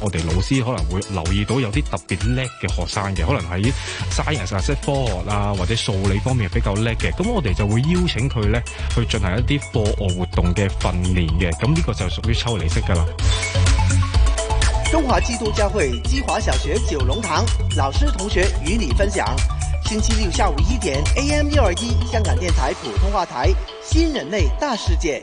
我哋老師可能會留意到有啲特別叻嘅學生嘅，可能喺 science 或科學啊，或者數理方面比較叻嘅，咁我哋就會邀請佢咧去進行一啲課外活動嘅訓練嘅，咁呢個就屬於抽離式噶啦。中華基督教會基華小學九龍塘老師同學與你分享，星期六下午一點 A. M. 六二一香港電台普通話台《新人類大世界》。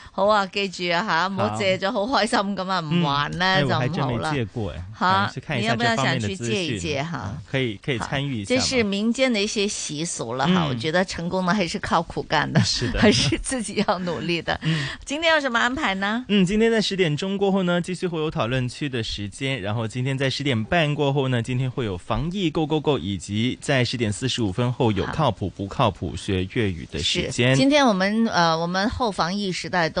好啊，記住啊哈，唔好借咗好開心咁啊，唔、嗯哎、還咧就唔好啦。吓、嗯，你要不要想去借一借哈、啊啊，可以可以參與一下。這是民間的一些習俗啦、嗯，哈，我覺得成功呢，還是靠苦幹的，是的，還是自己要努力的。嗯、今天有什麼安排呢？嗯，今天在十點鐘過後呢，繼續會有討論區的時間。然後今天在十點半過後呢，今天會有防疫 Go Go Go，以及在十點四十五分後有靠譜不靠譜學粵語的時間。今天我們，呃，我們後防疫時代都。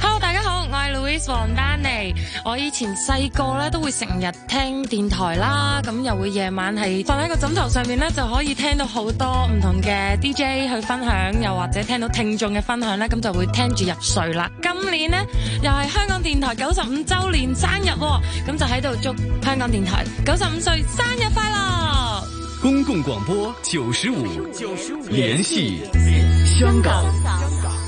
Hello 大家好，我係 Louise 黃丹妮。我以前細個咧，都會成日聽電台啦，咁又會夜晚係瞓喺個枕頭上面咧，就可以聽到好多唔同嘅 DJ 去分享，又或者聽到聽眾嘅分享咧，咁就會聽住入睡啦。今年呢，又係香港電台九十五周年生日，咁就喺度祝香港電台九十五歲生日快樂！公共廣播九十五年連繫香港。香港香港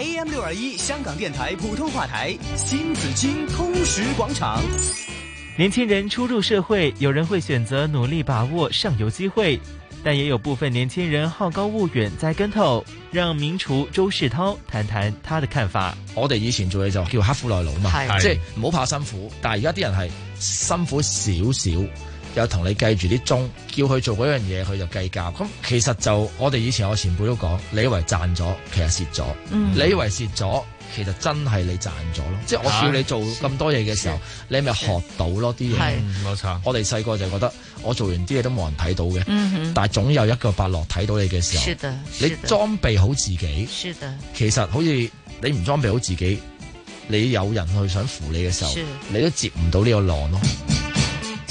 AM 六二一，香港電台普通話台，新紫金通時廣場。年輕人初入社會，有人會選擇努力把握上游機會，但也有部分年輕人好高騖遠，栽跟頭。讓名廚周世濤談談他的看法。我哋以前做嘢就叫刻苦耐勞嘛，係，即係唔好怕辛苦。但係而家啲人係辛苦少少。又同你計住啲鐘，叫佢做嗰樣嘢，佢就計價。咁其實就我哋以前我前輩都講，你以為賺咗，其實蝕咗、嗯；你以為蝕咗，其實真係你賺咗咯。即係我叫你做咁多嘢嘅時候，啊、你咪學到咯啲嘢。冇錯。我哋細個就覺得我做完啲嘢都冇人睇到嘅、嗯，但係總有一個伯樂睇到你嘅時候，是的是的你裝備好自己。是的其實好似你唔裝備好自己，你有人去想扶你嘅時候是的，你都接唔到呢個浪咯。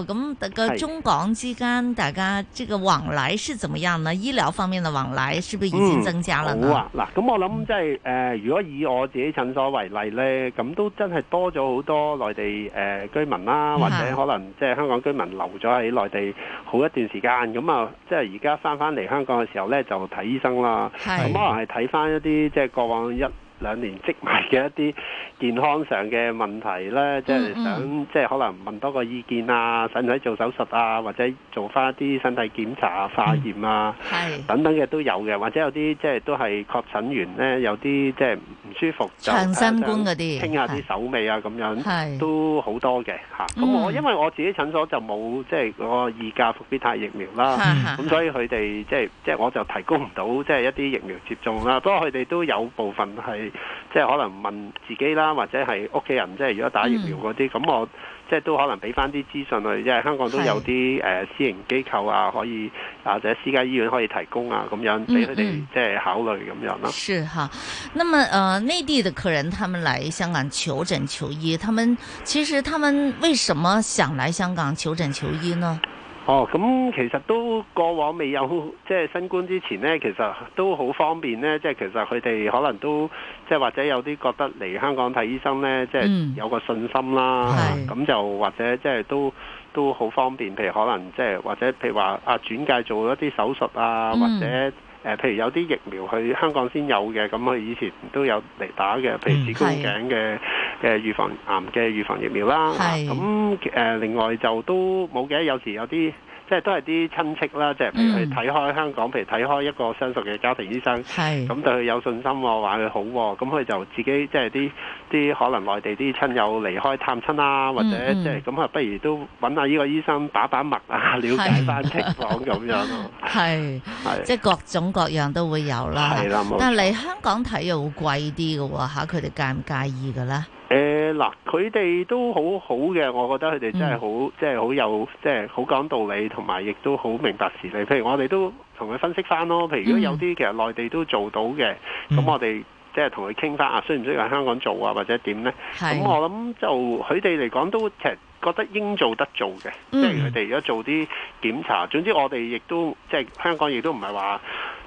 咁、哦那個中港之間，大家這個往來是怎麼樣呢？醫療方面嘅往來是不是已經增加了呢？嗱、嗯、咁、啊、我諗即係誒，如果以我自己診所為例咧，咁都真係多咗好多內地誒、呃、居民啦，或者可能即係香港居民留咗喺內地好一段時間，咁啊，即係而家翻翻嚟香港嘅時候咧，就睇醫生啦，咁可能係睇翻一啲即係過往一。兩年積埋嘅一啲健康上嘅問題咧、即係嗯嗯，即係想即係可能問多個意見啊，使唔使做手術啊，或者做翻一啲身體檢查、化驗啊，嗯、等等嘅都有嘅，或者有啲即係都係確診完咧，有啲即係唔舒服長就長新冠嗰啲，傾下啲手尾啊咁樣，都好多嘅咁、嗯、我因為我自己診所就冇即係個二價復必泰疫苗啦，咁所以佢哋即係即係我就提供唔到即係、即係、一啲疫苗接種啦。不過佢哋都有部分係。即係可能問自己啦，或者係屋企人，即係如果打疫苗嗰啲，咁、嗯、我即係都可能俾翻啲資訊佢，因為香港都有啲誒私營機構啊，可以或者私家醫院可以提供啊，咁樣俾佢哋即係考慮咁樣咯。是哈，那麼誒呃、內地嘅客人，他們來香港求診求醫，他們其實他們為什麼想來香港求診求醫呢？哦，咁其實都過往未有即係新冠之前呢，其實都好方便呢。即係其實佢哋可能都即係或者有啲覺得嚟香港睇醫生呢，即係有個信心啦。咁、嗯、就或者即係都都好方便，譬如可能即係或者譬如話啊轉介做一啲手術啊，嗯、或者。誒、呃，譬如有啲疫苗，去香港先有嘅，咁佢以前都有嚟打嘅，譬如子宮頸嘅誒、嗯、預防癌嘅預防疫苗啦。咁、啊呃、另外就都冇嘅，有時有啲即係都係啲親戚啦，即係譬如佢睇開香港，嗯、譬如睇開一個相熟嘅家庭醫生，咁對佢有信心喎，話佢好喎，咁佢就自己即係啲。啲可能內地啲親友離開探親啊，嗯、或者即係咁啊，不如都揾下呢個醫生把把脈啊，了解翻情況咁樣咯、啊。係係，即係各種各樣都會有啦。係啦，但係嚟香港睇又好貴啲嘅喎嚇，佢哋介唔介意嘅啦？誒、呃、嗱，佢哋都很好好嘅，我覺得佢哋真係好，即係好有，即係好講道理，同埋亦都好明白事理。譬如我哋都同佢分析翻咯，譬如果有啲其實內地都做到嘅，咁、嗯、我哋。即係同佢傾翻啊，需唔需要喺香港做啊，或者點呢？咁、嗯、我諗就佢哋嚟講都其實覺得應做得做嘅，即係佢哋而家做啲檢查，總之我哋亦都即係香港亦都唔係話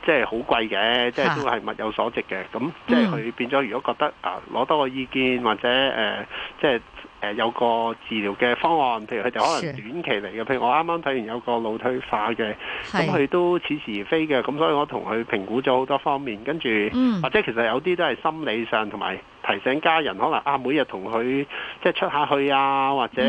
即係好貴嘅，即係都係物有所值嘅。咁即係佢變咗，如果覺得啊攞多個意見或者誒、呃、即係。誒有個治療嘅方案，譬如佢哋可能短期嚟嘅，譬如我啱啱睇完有個腦退化嘅，咁佢都似是而非嘅，咁所以我同佢評估咗好多方面，跟住、嗯、或者其實有啲都係心理上同埋。還有提醒家人可能啊，每日同佢即係出下去啊，或者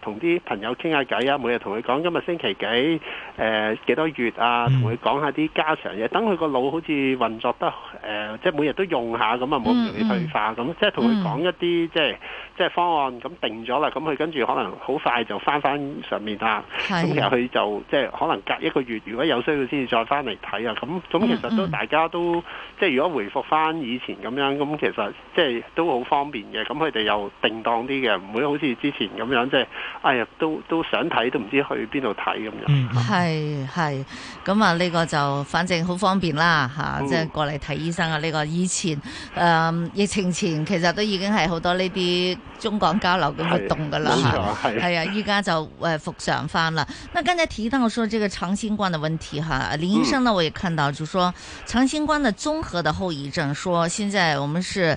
同啲、嗯呃、朋友傾下偈啊，每日同佢講今日星期幾誒、呃、幾多月啊，同佢講下啲家常嘢，等佢個腦好似運作得、呃、即係每日都用下咁啊，冇咁容易退化咁、嗯，即係同佢講一啲、嗯、即係即係方案咁定咗啦，咁佢跟住可能好快就翻翻上面啦。咁其實佢就即係可能隔一個月，如果有需要先至再翻嚟睇啊。咁咁其實都大家都即係、嗯、如果回復翻以前咁樣，咁其實即係。都好方便嘅，咁佢哋又定當啲嘅，唔會好似之前咁樣，即係，哎呀，都都想睇，都唔知去邊度睇咁樣。嗯、mm-hmm.，係係，咁啊呢個就反正好方便啦吓，即、mm-hmm. 係過嚟睇醫生啊呢、這個。以前誒、嗯、疫情前其實都已經係好多呢啲中港交流嘅活動噶啦吓，係啊，依家就誒復常翻啦。那剛才提到說這個長新冠嘅問題吓，林醫生呢我也看到，就說長新冠的綜合的後遺症，說現在我們是。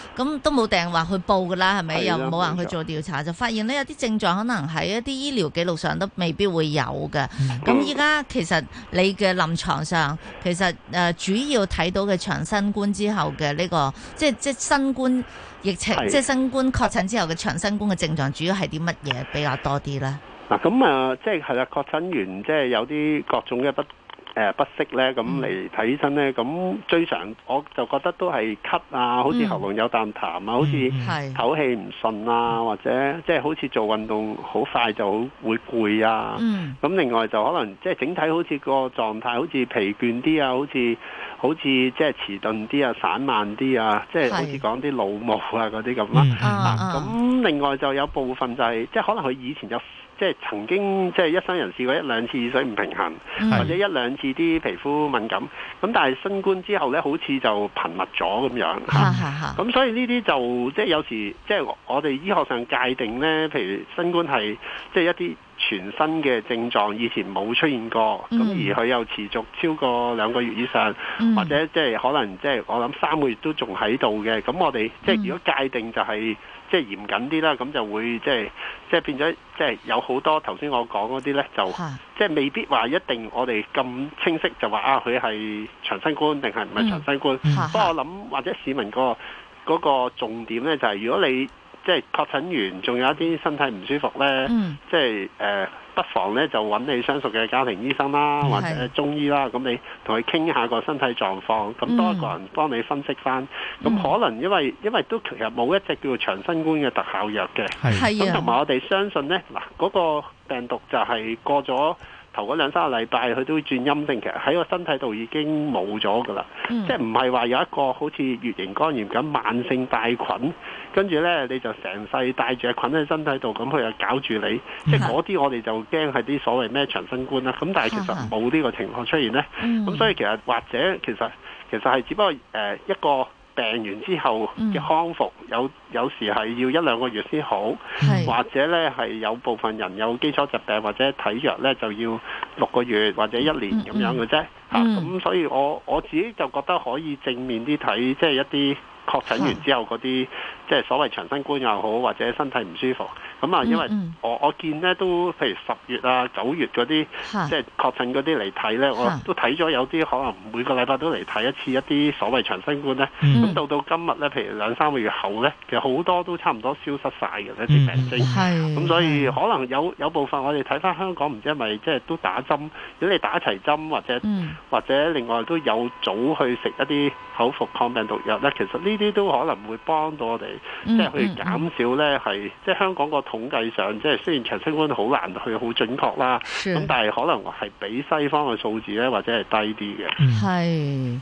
咁都冇訂話去報噶啦，係咪？又冇人去做調查，就發現呢有啲症狀可能喺一啲醫療記錄上都未必會有嘅。咁依家其實你嘅臨床上，其實誒主要睇到嘅長新冠之後嘅呢個，即係即係新冠疫情，即係新冠確診之後嘅長新冠嘅症狀，主要係啲乜嘢比較多啲咧？嗱，咁、呃、啊，即係係啦，確診完即係有啲各種嘅不。誒、呃，不適呢，咁嚟睇醫生呢，咁最常我就覺得都係咳啊，好似喉嚨有啖痰啊，嗯、好似唞氣唔順啊、嗯，或者即係好似做運動好快就好會攰啊，咁、嗯、另外就可能即係整體好似個狀態好似疲倦啲啊，好似。好似即係遲鈍啲啊、散漫啲啊，即係、就是、好似講啲腦霧啊嗰啲咁啦。咁、嗯嗯嗯、另外就有部分就係、是，即、就、係、是、可能佢以前就即係、就是、曾經即係、就是、一生人試過一兩次水唔平衡、嗯，或者一兩次啲皮膚敏感。咁但係新冠之後呢，好似就頻密咗咁樣。咁、嗯、所以呢啲就即係、就是、有時即係、就是、我哋醫學上界定呢，譬如新冠係即係一啲。全新嘅症狀以前冇出現過，咁、嗯、而佢又持續超過兩個月以上，嗯、或者即係可能即係我諗三個月都仲喺度嘅。咁我哋即係如果界定就係即係嚴謹啲啦，咁就會即係即係變咗即係有好多頭先我講嗰啲呢，就即係未必話一定我哋咁清晰就話啊，佢係長新冠定係唔係長新冠。不過我諗或者市民嗰個嗰個重點呢，就係如果你。即係確診完，仲有一啲身體唔舒服呢，嗯、即係誒、呃，不妨呢，就揾你相熟嘅家庭醫生啦，或者中醫啦，咁你同佢傾一下個身體狀況，咁多一個人幫你分析翻。咁、嗯、可能因為因為都其實冇一隻叫做長新冠嘅特效藥嘅，咁同埋我哋相信呢嗱嗰、那個病毒就係過咗。頭嗰兩三個禮拜，佢都轉陰性，其實喺個身體度已經冇咗噶啦，即係唔係話有一個好似乙型肝炎咁慢性帶菌，跟住呢，你就成世帶住個菌喺身體度，咁佢又搞住你，嗯、即係嗰啲我哋就驚係啲所謂咩長新冠啦。咁但係其實冇呢個情況出現呢。咁、嗯、所以其實或者其實其實係只不過誒、呃、一個。病完之後嘅康復、嗯、有有時係要一兩個月先好，或者呢係有部分人有基礎疾病或者體弱呢就要六個月或者一年咁樣嘅啫。咁、嗯嗯啊、所以我我自己就覺得可以正面啲睇，即、就、係、是、一啲確診完之後嗰啲。即係所謂長新冠又好，或者身體唔舒服，咁啊，因為我、嗯嗯、我，我見咧都譬如十月啊、九月嗰啲即係確診嗰啲嚟睇咧，我都睇咗有啲、啊、可能每個禮拜都嚟睇一次一啲所謂長新冠咧。咁、嗯、到到今日咧，譬如兩三個月後咧，其實好多都差唔多消失晒嘅一啲病徵。咁所、所以可能有有部分我哋睇返香港，唔知係咪即係都打針，如果你打齊針或者、嗯、或者另外都有早去食一啲口服抗病毒藥咧，其實呢啲都可能會幫到我哋。即係佢減少呢，係即係香港個統計上，即係雖然長新冠好難去好準確啦，咁但係可能係比西方嘅數字呢，或者係低啲嘅。係、嗯。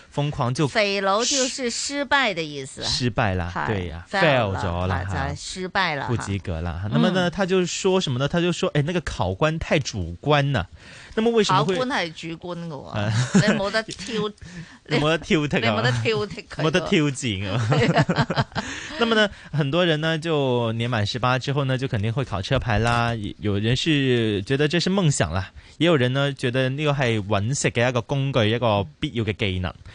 瘋狂就肥佬就是失敗的意思，失敗啦，對呀，fail 咗喇，失敗了，不及格了。嗯。那麼呢，他就說什麼呢？他就說，哎，那個考官太主觀了。那麼為什麼會？考官係主觀嘅，你冇得挑，冇得挑，你冇得挑，冇 得挑緊。 那麼呢，很多人呢就年滿十八之後呢，就肯定會考車牌啦。有人是覺得這是夢想啦，也有人呢覺得呢個係揾食嘅一個工具，一個必要嘅技能。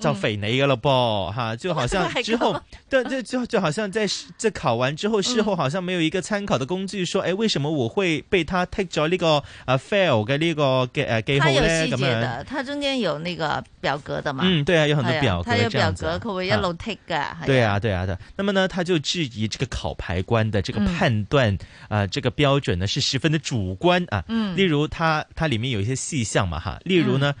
叫匪那個了不、嗯、哈，就好像之後，但、oh、這就就，就好像在在考完之後，事後好像沒有一個參考的工具說，哎、嗯，為什麼我會被他剔咗呢個啊 fail 嘅呢個嘅誒記號咧？咁樣。它有細節的，它中間有那個表格的嘛。嗯，對啊，有很多表格。他有表格，可不可以一路剔噶。對啊，對啊的、啊。那麼呢，他就質疑這個考牌官的這個判斷啊、嗯呃，這個標準呢是十分的主觀啊。嗯。例如他，他它裏面有一些細項嘛哈，例如呢。嗯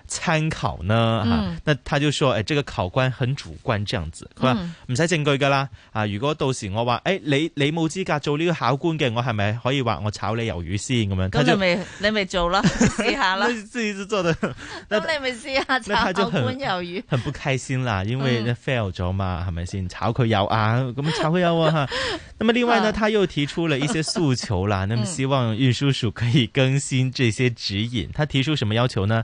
參考呢吓、啊，那他就說誒、哎，這個考官很主觀，這樣子，佢話，唔使證據噶啦。啊，如果到時我話誒、欸，你你冇資格做呢個考官嘅，我係咪可以話我炒你魷魚先咁樣？佢、啊嗯、就未、嗯嗯 嗯 嗯，你未做啦，試下啦。咁你咪試下炒魷考官魷魚、嗯。很不開心啦，因為 fail 咗嘛，係咪先炒佢魷啊？咁炒佢魷啊吓、 嗯。那麼另外呢，他又提出了一些訴求啦，那、嗯、麼、嗯、希望運輸署可以更新這些指引。他提出什麼要求呢？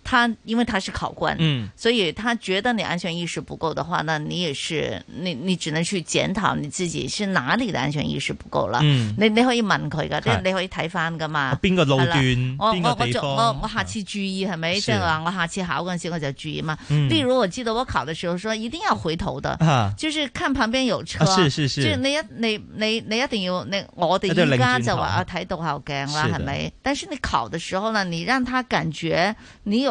他因為他是考官，嗯，所以他覺得你安全意識不夠的話，那你也是你你只能去檢討你自己是哪裏的安全意識不夠了。嗯、你你可以問佢噶，即係你，你可以睇翻噶嘛。邊、啊、個路段？我我我我，我下次注意係咪？即係話我下次考陣時我就注意嘛。嗯。例如我記得我考的時候說一定要回頭的，啊、就是看旁邊有車，啊、是是，是就你一你你你，你一定要你我哋而家就話啊睇到後鏡啦，係咪？但是你考的時候呢，你讓他感覺你有。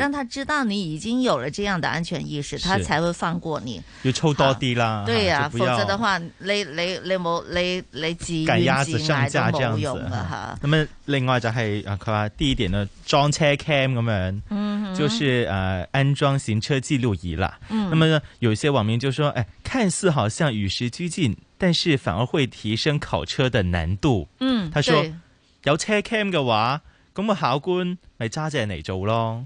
讓他知道你已經有了這樣的安全意識，他才會放過你。要抽多啲啦，對呀、啊，否則的話，你累累冇你你鴨子上架這樣子，就冇用啦吓。咁啊，嗯嗯、另外就係佢話第一點咧，裝車 cam 咁、嗯、樣，嗯，就是誒、呃、安裝行車記錄儀啦。嗯，咁呢，有些網民就說，誒、哎，看似好像與時俱進，但是反而會提升考車的難度。嗯，他說有車 cam 嘅話，咁個考官咪揸正嚟做咯。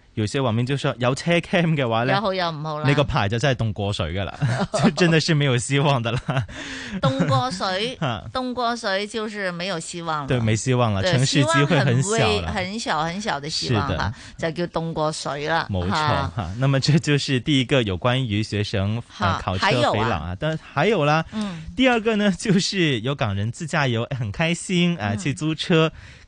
有些網民就說有車 cam 嘅話咧，有好有唔好啦。呢、那個牌就真係凍過水噶啦， 就真的是沒有希望的啦。凍 過水，凍 過水就是沒有希望。對，沒希望了。城市機會很小很，很小很小的希望哈、啊，就叫凍過水啦。沒錯，哈、啊啊。那麼這就是第一個有關於學生、啊啊、考車、啊、肥佬啊，但還有啦。嗯。第二個呢，就是有港人自駕遊很開心啊，去租車。嗯嗯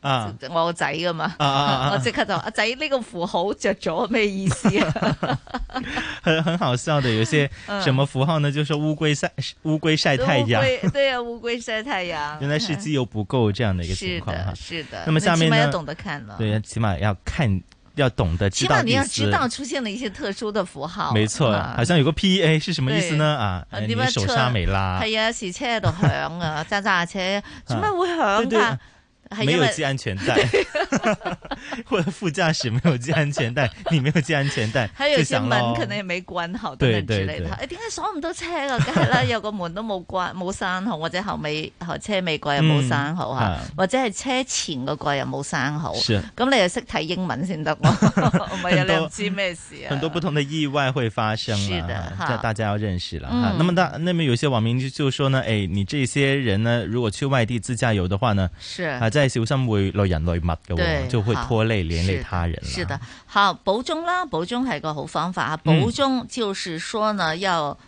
啊！我個仔噶嘛，我即刻就阿仔，呢個符號着咗咩意思啊？係 很，很好笑的，有些什麼符號呢？就是說烏龜曬烏龜曬太陽 ，對啊，烏龜曬太陽， 原來是機油不夠這樣的一個情況哈。是的，那麼下面呢，起碼要懂得看了，對，起碼要看，要懂得知道意思。起碼你要知道出現了一些特殊的符號。嗯、沒錯，好像有個 P E A 是什麼意思呢？啊，你手、哎、剎未啦？係啊，時車喺度響啊，揸揸下車，做咩會響啊？沒有係安全帶，或 者 副駕駛沒有係安全帶， 你沒有係安全帶，還有一些門可能也沒關好。對對對，哎，點解鎖唔到車噶、啊？梗係啦，有個門都冇關冇閂好，或者後尾後車尾櫃又冇閂好哈，或者係車前個櫃又冇閂好。是，咁你又識睇英文先得咯？唔係啊，你唔知咩事啊？很多不同的意外會發生 啊，叫大家要認識啦哈、嗯啊。那麼大，那麼有些網民就就說呢，哎，你這些人呢，如果去外地自駕遊的話呢，是啊。即係小心會累人累物嘅，就會拖累連累他人是。是的，好補鐘啦，補鐘係個好方法啊！補鐘就是說呢要。嗯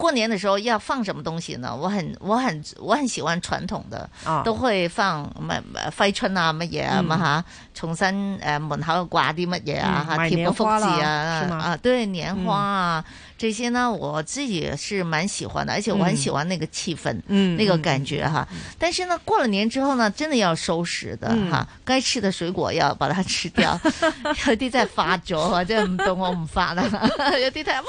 過年的時候要放什麼東西呢？我很我很我很喜歡傳統的，啊、都會放乜揮春啊，乜嘢啊，乜哈，重新誒門口掛啲乜嘢啊，哈貼個福字啊，啊對，年花啊、嗯、這些呢，我自己是蠻喜歡的，而且我很喜歡那個氣氛，嗯，那個感覺哈。但是呢，過了年之後呢，真的要收拾的、嗯、哈，該吃的水果要把它吃掉， 有啲真係發咗，真係唔到我唔發啦，有啲睇哇。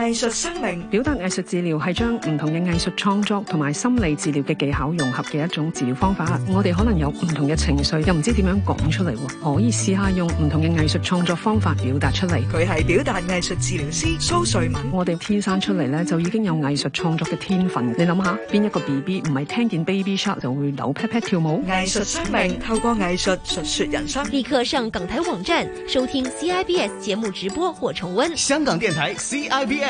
藝術生命表達藝術治療係將唔同嘅藝術創作同埋心理治療嘅技巧融合嘅一種治療方法。嗯、我哋可能有唔同嘅情緒，又唔知點樣講出嚟，可以試下用唔同嘅藝術創作方法表達出嚟。佢係表達藝術治療師蘇瑞文。我哋天生出嚟呢，就已經有藝術創作嘅天分。你諗下，邊一個 B B 唔係聽見 Baby Shark 就會扭 pat pat 跳舞？藝術生命透過藝術述說人生。立刻上港台網站收聽 C I B S 節目直播或重溫香港電台 C I B S。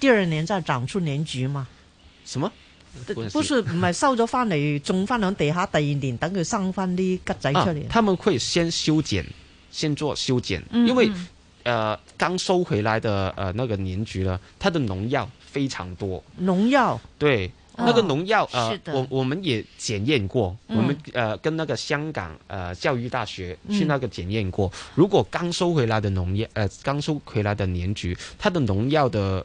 第二年再長出年桔嘛？什麼？不是，唔係收咗翻嚟種翻響地下，第二年等佢生翻啲桔仔出嚟。啊，他們會先修剪，先做修剪，嗯、因為，嗯、呃，剛收回來的呃那個年桔呢，它的農藥非常多。農藥。對，哦、那個農藥，呃，我我們也檢驗過、嗯，我們呃跟那個香港呃教育大學去那個檢驗過、嗯，如果剛收回來的農藥，呃，剛收回來的年桔，它的農藥的。嗯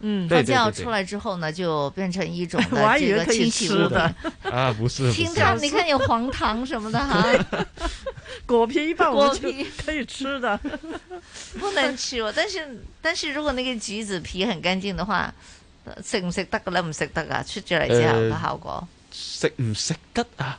嗯，發酵出來之後呢，就變成一種的這個清洗的 啊，不是清湯，你看有黃糖什麼的哈、 啊。果皮一般我果皮可以吃的， 不能吃哦。但是但是如果那個橘子皮很乾淨的話，食唔食得噶？唻唔、呃、食食得啊？出咗之後嘅效果，食唔食得啊？